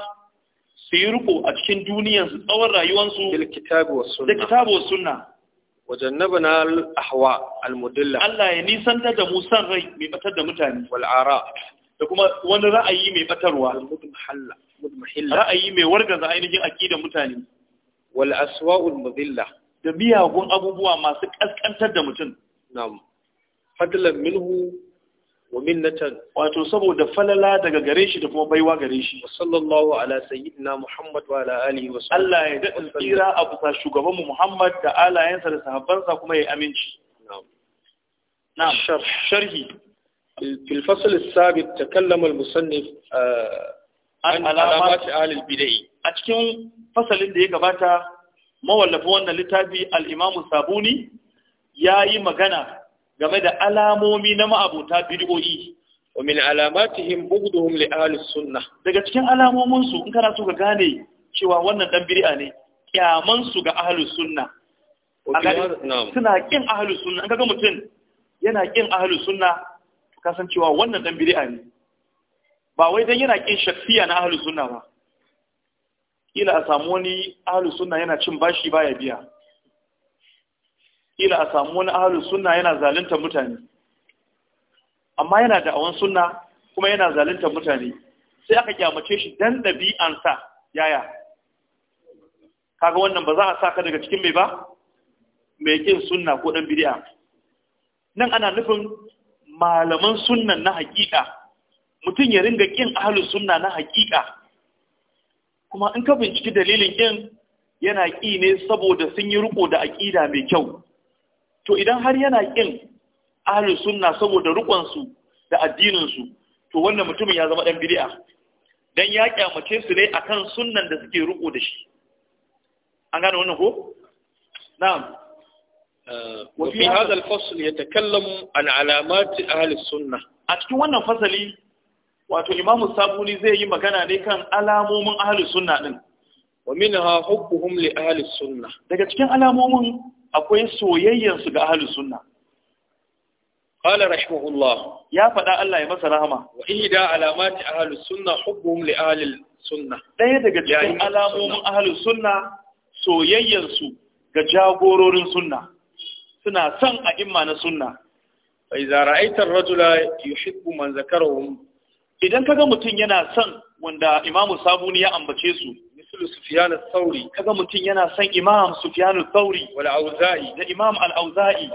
su yi riko a cikin duniyansu tsawon rayuwansu da kitabu wa sunna wajannabna al-ahwa al-mudilla Allah ya nisanta da mu rai mai batar da mutane wal ara da kuma wani ra'ayi mai batarwa ra'ayi mai wargaza ainihin akida mutane wal aswa'ul mudilla da miyagun abubuwa masu kaskantar da mutum na'am fadlan minhu wa minnatan wato saboda falala daga gare shi da kuma baiwa gare shi sallallahu ala sayyidina muhammad wa ala alihi Allah ya da tsira a bisa shugaban muhammad da alayensa da sahabbansa kuma ya aminci na'am sharhi في الفصل السابق تكلم المصنف عن علامات أهل البدع أتكلم فصل اللي يقبata mawallafin wannan littafi al-Imam ya yi magana game da alamomi na ma'abuta bid'o'i wa min alamatihim bughduhum li ahli sunnah daga cikin alamomin su in kana so ka gane cewa wannan dan bid'a ne kyaman su ga ahli sunnah suna kin ahli sunna kaga mutum yana kin ahli sunnah ka san cewa wannan dan bid'a ne ba wai dan yana kin shafiya na ahli sunnah ba kila a samu wani ahli sunnah yana cin bashi baya biya kila a samu wani ahalin suna yana zalinta mutane amma yana da awon suna kuma yana zalunta mutane sai aka kyamace shi dan ɗabi'ansa yaya kaga wannan ba za a saka daga cikin mai ba mai kin suna ko dan bid'a nan ana nufin malaman suna na hakika mutum ya ringa kin ahalin suna na hakika kuma in ka binciki dalilin kin yana ƙi ne saboda sun yi riko da aƙida mai kyau to idan har yana kin ahlus sunna saboda rukun su da addinin su to wannan mutumin ya zama dan bid'a dan ya kyamace su ne akan sunnan da suke ruko da shi an gane wannan ko na'am wa fi hadha al-fasl yatakallamu an alamat ahli sunnah a cikin wannan fasali wato imamu sabuni zai yi magana ne kan alamomin ahli sunna din wa minha hubbuhum li ahli sunnah daga cikin alamomin akwai soyayyansu ga ahlus sunna ya fada Allah ya masa rahama wa ida alamati علامات sunna السنة li لأهل sunna Daya daga cikin alamomin ahlus sunna soyayyansu ga jagororin sunna suna son a imma na sunna fa idza ra'aita ar-rajula yuhibbu man zakarahum idan kaga mutun yana son wanda imamu sabuni ya ambace su mislu sufyan kaga mutum yana son imam sufyan al-thawri wal auza'i da imam al-auza'i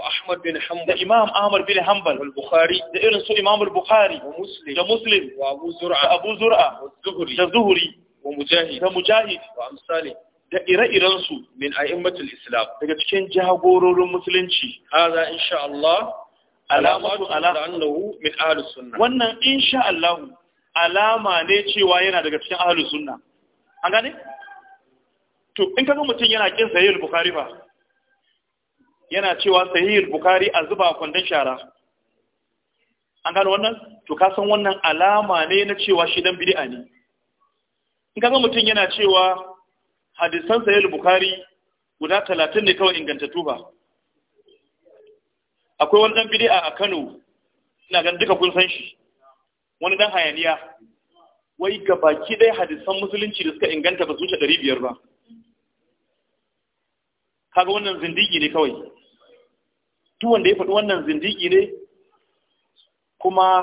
da imam ahmad bin hanbal da irin su imam al-bukhari wa muslim da abu zur'a da da da ire-iren su min a'immatul islam daga cikin jagororin musulunci hada insha Allah alamatu ala annahu min ahlus sunna wannan insha Allah alama ne cewa yana daga cikin ahlus sunna an gane to in kaga mutum yana kin sahihul bukhari ba yana cewa sahihul bukhari a zuba kwandon shara an gane wannan to ka san wannan alama ne na cewa shi dan bid'a ne in kaga mutum yana cewa hadisan sahihul bukhari guda 30 ne kawai ingantattu ba akwai wani dan bid'a a Kano ina ganin duka kun san shi wani dan hayaniya wai ga baki ɗaya hadisan musulunci da suka inganta ba su wuce ɗari biyar ba kaga wannan zindigi ne kawai duk wanda ya faɗi wannan zindigi ne kuma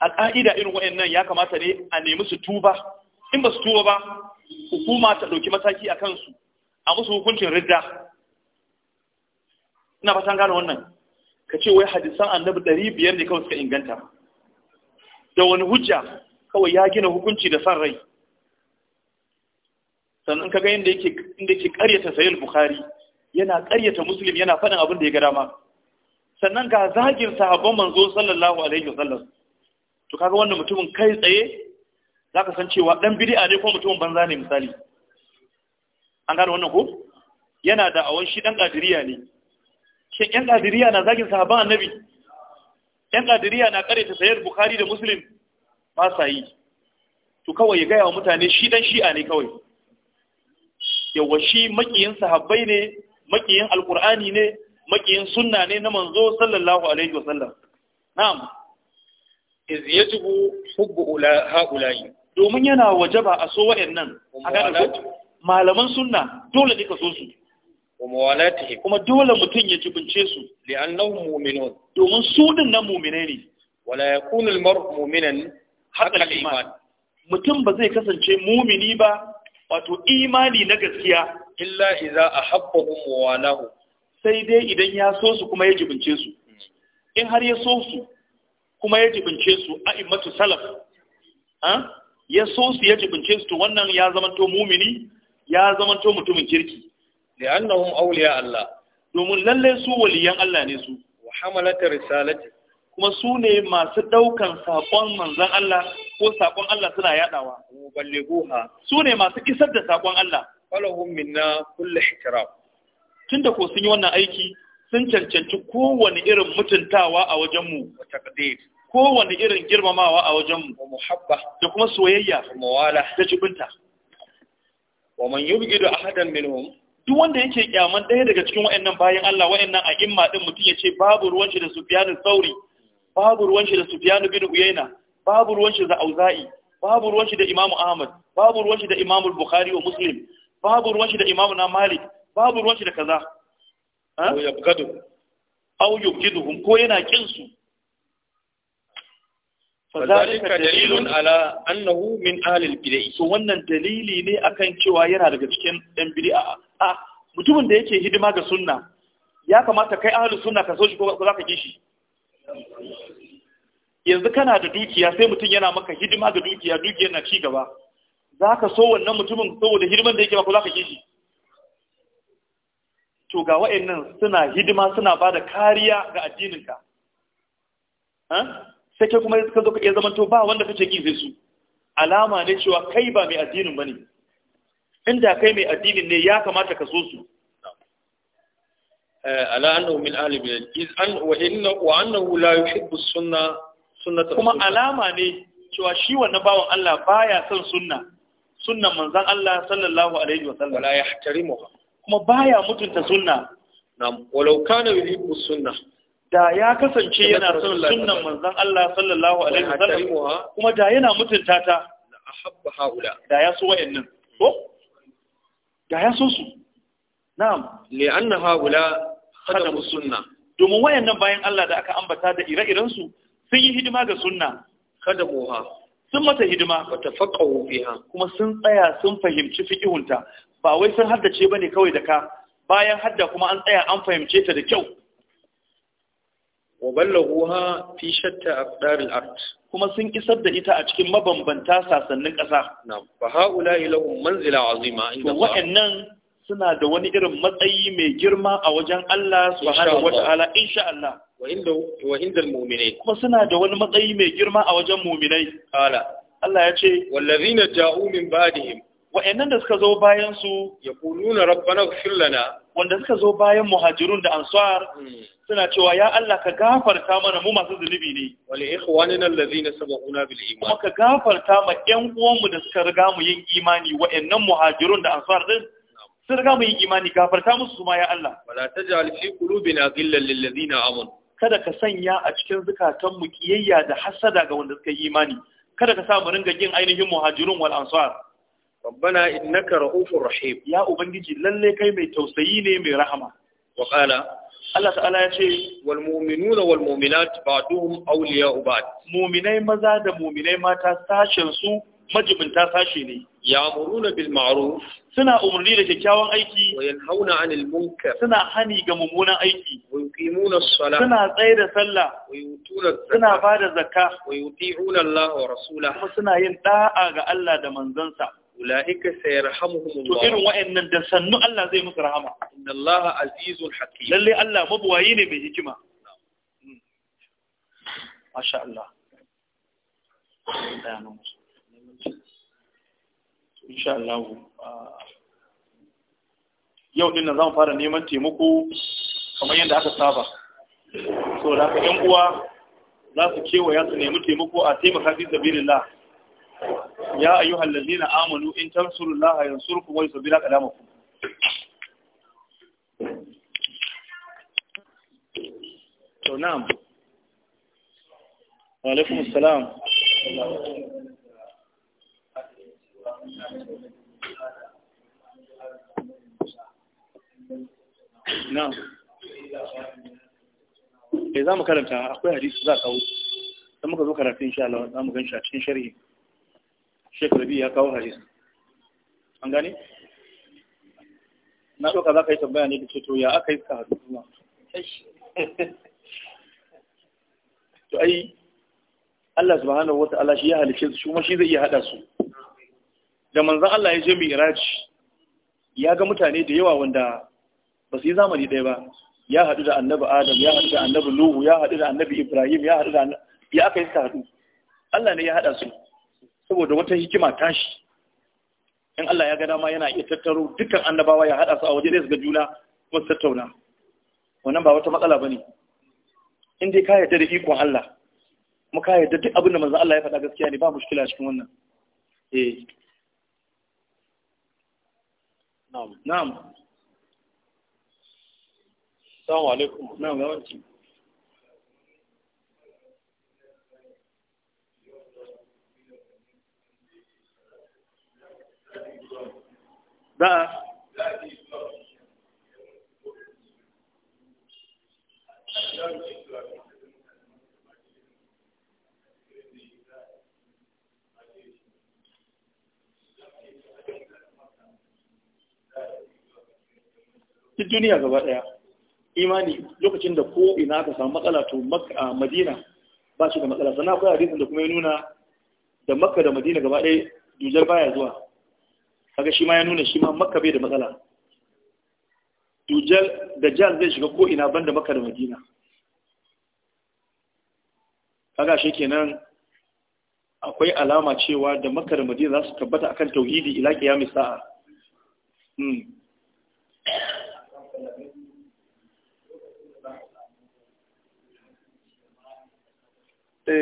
a ƙa'ida irin waɗannan ya kamata ne a nemi su tuba in ba su tuba ba hukuma ta ɗauki mataki a kansu a musu hukuncin ridda ina fatan gane wannan ka ce wai hadisan annabi ɗari biyar ne kawai suka inganta da wani hujja kawai ya gina hukunci da san rai sannan kaga inda yake inda yake ƙaryata sayyid bukhari yana ƙaryata muslim yana faɗin abin da ya ga dama sannan ga zagin sahabban manzo sallallahu alaihi wasallam to kaga wannan mutumin kai tsaye zaka san cewa dan bid'a ne ko mutumin banza ne misali an gano wannan ko yana da awon shi dan kadiriya ne shin yan kadiriya na zagin sahabban annabi yan kadiriya na ƙaryata sayyid bukhari da muslim ba sa yi to kawai ya gaya wa mutane shi dan shi'a ne kawai yawa shi makiyin sahabbai ne makiyin alkur'ani ne makiyin sunna ne na manzo sallallahu alaihi wa sallam na'am iz yajibu hubbu ula haula'i domin yana wajaba a so wayannan malaman sunna dole ne ka so su kuma dole mutum ya jibince su li'annahum mu'minun domin su din nan mu'mine ne wala yakunu al-mar'u mu'minan haƙƙal iman mutum ba zai kasance mumini ba wato imani na gaskiya illa iza ahabbahum wa walahu sai dai idan ya so su kuma ya jibince su in har ya so su kuma ya jibince su a imatu salaf ya so su ya jibince su to wannan ya zamanto mumini ya zamanto mutumin kirki annahum awliya Allah domin lalle su waliyan Allah ne su wa hamalata risalati kuma su ne masu ɗaukan saƙon manzan Allah ko saƙon Allah suna yaɗawa. goha. su ne masu isar da saƙon Allah. Falahum minna kullu ihtiram. Tunda ko sun yi wannan aiki sun cancanci kowane irin mutuntawa a wajen mu wa Kowane irin girmamawa a wajen mu muhabba da kuma soyayya mawala da jibinta. Wa man yubghidu ahadan minhum duk wanda yake kyaman ɗaya daga cikin wa'annan bayan Allah wa'annan a'imma din mutum ya ce babu ruwan shi da Sufyan sauri. babu ruwan shi da Sufyan bin Uyayna babu ruwan shi da Auza'i babu ruwan shi da Imam Ahmad babu ruwan shi da Imam Bukhari wa Muslim babu ruwan shi da Imam na Malik babu ruwan shi da kaza ha ya bukatu au ko yana kin su fadalika dalilun ala annahu min ahli al-bid'ah so wannan dalili ne akan cewa yana daga cikin dan bid'a a mutumin da yake hidima ga sunna ya kamata kai ahli sunna ka so shi ko za ka kishi. yanzu kana da dukiya sai mutum yana maka hidima ga dukiya dukiyar na cigaba. za ka so wannan mutumin saboda hidiman da yake ba ko za ka kishi to ga wa'annan suna hidima suna ba da kariya ga addininka sai ke kuma ka zo ka iya zamanto ba wanda kace ki sai su alama ne cewa kai ba mai addinin ba ne inda kai mai addinin ne ya kamata ka so su eh, ala annahu min alibi iz an wa inna wa annahu la yuhibbu sunnah kuma alama ne cewa shi wannan bawan Allah baya son sunna sunnan manzon Allah sallallahu alaihi wa sallam wala yahtarimu kuma baya mutunta sunna nam walau kana yuhibbu sunna da ya kasance yana son sunnan manzon Allah sallallahu alaihi wa sallam kuma da yana mutunta ta ahabba haula da ya so wayannan ko da ya so su na'am li anna haula khadamu sunna domin wayannan bayan Allah da aka ambata da ire-irensu sun yi hidima ga sunna khadamuha sun mata hidima Ba ta tafaqahu fiha kuma sun tsaya sun fahimci fiqihunta ba wai sun haddace ba ne kawai da ka bayan hadda kuma an tsaya an fahimce ta da kyau wa ballaghuha fi shatta aqdar al-ard kuma sun isar da ita a cikin mabambanta sasannin ƙasa na fa haula manzila azima inda wa'annan suna da wani irin matsayi mai girma a wajen Allah subhanahu wata'ala insha Allah wa inda wa mu'minai kuma suna da wani matsayi mai girma a wajen mu'minai ala Allah ya ce wallazina ja'u min ba'dihim wa'annan da suka zo bayan su yaquluna rabbana ighfir lana wanda suka zo bayan muhajirun da ansar hmm. suna cewa ya Allah ka gafarta mana mu masu zunubi ne wal ikhwanina allazina sabaquna bil iman kuma ka gafarta ma ƴan uwanmu da suka riga mu yin imani wa'annan muhajirun da ansar din sun riga mu yi imani gafarta musu su ma ya Allah wala taj'al fi qulubina ghillan lil ladina amanu kada ka sanya a cikin zukatan mu kiyayya da hasada ga wanda suka yi imani kada ka sa mu ringa jin ainihin muhajirun wal ansar rabbana innaka ra'ufur rahim ya ubangiji lalle kai mai tausayi ne mai rahama wa qala Allah ta'ala ya ce wal mu'minuna wal mu'minat ba'duhum awliya'u ba'd mu'minai maza da mu'minai mata sashen su majibinta sashe ne ya'muruna bil ma'ruf suna umarni da kyakkyawan aiki wa yanhauna 'anil munkar suna hani ga mummunan aiki wa yuqimuna as-salah suna tsaye da sallah wa yutuna zakka suna bada zakka wa yuti'una Allah wa rasulahu kuma suna yin da'a ga Allah da manzansa ulaika sayarhamuhum Allah to irin wa'annan da sannu Allah zai musu rahama inna Allah azizul hakim lalle Allah mabuwayi ne bai hikima masha Allah insha Allah yau din nan zan fara neman taimako kamar yadda aka saba so da haka yan uwa za su kewaya su nemi taimako a taimaka fi sabilillah ya ayyuhal ladzina amanu in tansurullaha yansurkum wa yusabbir aqdamakum to na'am wa alaikum assalam Na'am. eh za mu karanta akwai hadisi za kawo don muka zo karatu insha Allah za mu ganshi a cikin sharhi Sheikh Rabi ya kawo hadisi an gane na ɗauka za ka yi tambaya ne da ce to ya aka yi suka haɗu kuma to ai Allah subhanahu ta'ala shi ya halice su kuma shi zai iya haɗa su da manzan Allah ya je miraji ya ga mutane da yawa wanda ba su yi zamani ɗaya ba ya haɗu da annabi adam ya haɗu da annabi nuhu ya haɗu da annabi ibrahim ya haɗu da ya aka yi ta haɗu Allah ne ya haɗa su saboda wata hikima tashi in Allah ya ga dama yana iya tattaro dukkan annabawa ya haɗa su a waje ɗaya su ga juna kuma su tattauna wannan ba wata matsala ba ne in dai ka yarda da ikon Allah kuma ka yarda duk abin da manzon Allah ya faɗa gaskiya ne ba mushkila cikin wannan eh na'am assalamu alaikum na'am yawanci za duk duniya gaba daya imani lokacin da ko ina ka samu matsala to makka madina ba shi da matsala sannan akwai hadisin da kuma ya nuna da makka da madina gaba daya dujar baya zuwa kaga shi ma ya nuna shi ma makka bai da matsala dujal dajjal zai shiga ko ina banda makka da madina kaga shi kenan akwai alama cewa da makka da madina za su tabbata akan tauhidi ila kiyamis sa'a hmm. to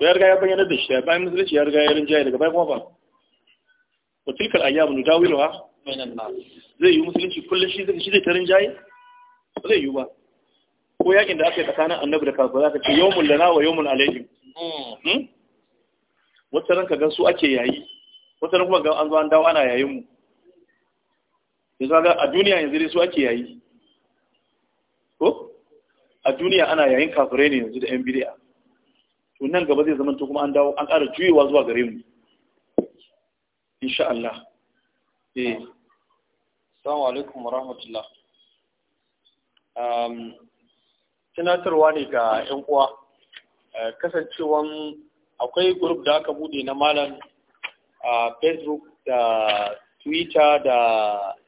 ya riga ya bayyana da shi bayan musulunci ya riga ya rinjaye daga bayan kuma ba wa tilkal ayyamu nudawiluha bainan nas zai yi musulunci kullum shi zai shi zai ta rinjaye ba zai yi ba ko yakin da aka yi tsakanin annabi da za ka ce yawon lana wa yawon alaikin Mhm. wata ranka gan su ake yayi wata ranka kuma ga an zo an dawo ana yayin mu yanzu ga a duniya yanzu dai su ake yayi ko a duniya ana yayin kafirai ne yanzu da yan bidiya to nan gaba zai zama to kuma an dawo an ƙara juyewa zuwa gare mu insha Allah eh assalamu alaikum warahmatullahi um tunatarwa ne ga yan uwa Eh, kasancewan akwai gurub da aka bude na malam a facebook da twitter da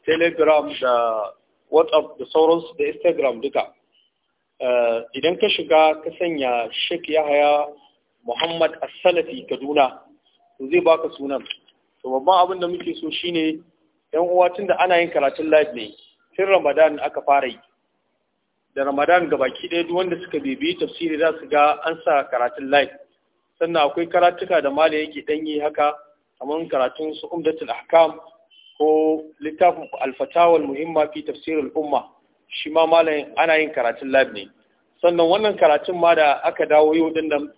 telegram da whatsapp da sauransu da instagram duka eh, idan ka shiga ka sanya ya yahaya muhammad as kaduna to zai baka sunan to babban abin da muke so shine yan uwa tun da ana yin karatun live ne tun ramadan aka fara yi da ramadan ga baki ɗaya duk wanda suka bibi tafsiri za su ga an sa karatun live sannan akwai karatuka da mala yake ɗanyi haka kamar karatun su umdatul ahkam ko littafin alfatawal muhimma fi tafsirul umma shi ma ana yin karatun live ne sannan wannan karatun ma da aka dawo yau din nan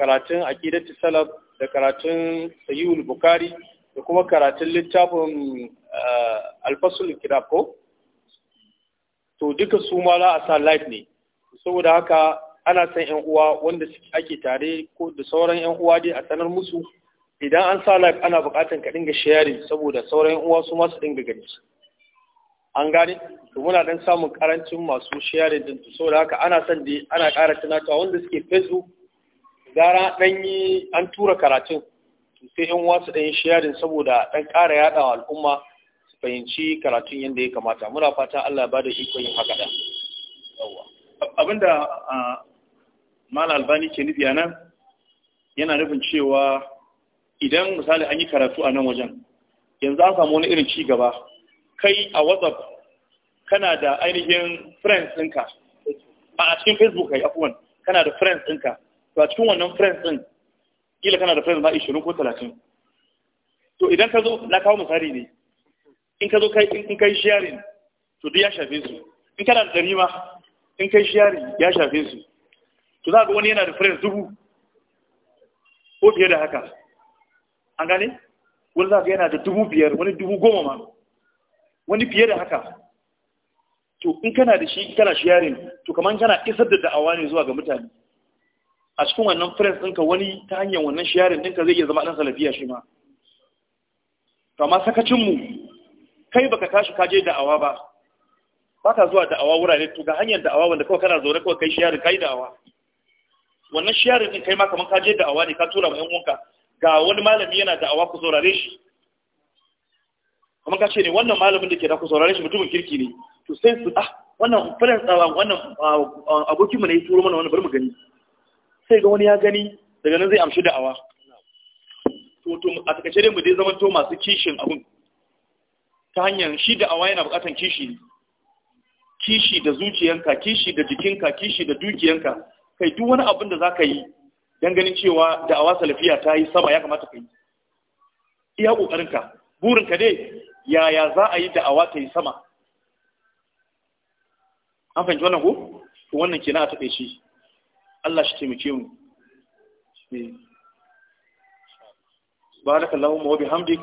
karatun aqidatu salaf da karatun Sayyidul bukhari da kuma karatun littafin eh, alfasul kitab ko to duka su ma za a sa live ne saboda haka ana san yan uwa wanda ake tare ko da sauran yan uwa dai a sanar musu idan an sa live ana bukatan ka dinga sharing saboda sauran yan uwa su ma su dinga gani an gane to muna dan samun karancin masu sharing din saboda haka ana san dai ana ƙara tunatawa wanda suke facebook gara dan yi an tura karatun sai yan uwa su dan yi sharing saboda dan ƙara yadawa al'umma fahimci karatun yadda ya kamata muna fata Allah ba da ikon yin haka da abinda mal albani ke nufi nan yana nufin cewa idan misali an yi karatu a nan wajen yanzu an samu wani irin ci gaba kai a whatsapp kana da ainihin friends ɗinka a cikin facebook kai afuwan kana da friends ɗinka to a cikin wannan friends ɗin kila kana da friends ba 20 ko 30 to idan ka zo na kawo misali ne in ka zo kai in kai sharing to duk ya shafe su in kana da ɗari ma in kai sharing ya shafe su to za ga wani yana da friends dubu ko fiye da haka an gane wani za ga yana da dubu biyar wani dubu goma ma wani fiye da haka to in kana da shi kana sharing to kamar kana isar da da'awa ne zuwa ga mutane a cikin wannan friends ɗinka wani ta hanyar wannan sharing ɗinka zai iya zama ɗan salafiya shi ma kama sakacinmu kai baka tashi ka je da'awa ba ba ka zuwa da'awa wurare to ga hanyar da'awa wanda kawai kana zaune kawai kai shiyarin kai da'awa wannan shiyarin din kai ma kaman ka je da'awa ne ka tura ma yan uwanka ga wani malami yana da'awa ku saurare shi kuma ka ce ne wannan malamin da ke da ku saurare shi mutumin kirki ne to sai su ah wannan fulan ah, tsawa wannan ah, ah, abokin mu ne ya turo mana wannan bari mu gani sai ga wani ya gani daga nan zai amshi da'awa to to a takaice dai mu dai zama to masu kishin abun ta hanyar shi da awa yana bukatan kishi kishi da zuciyanka kishi da jikinka kishi da dukiyanka kai duk wani abin da za ka yi don ganin cewa da awa salafiya ta yi saba ya kamata ka yi iya burin burinka dai yaya za a yi da awa ta yi sama an fahimci wannan ko wannan kenan a taɓe shi Allah shi taimake mu بارك اللهم وبحمدك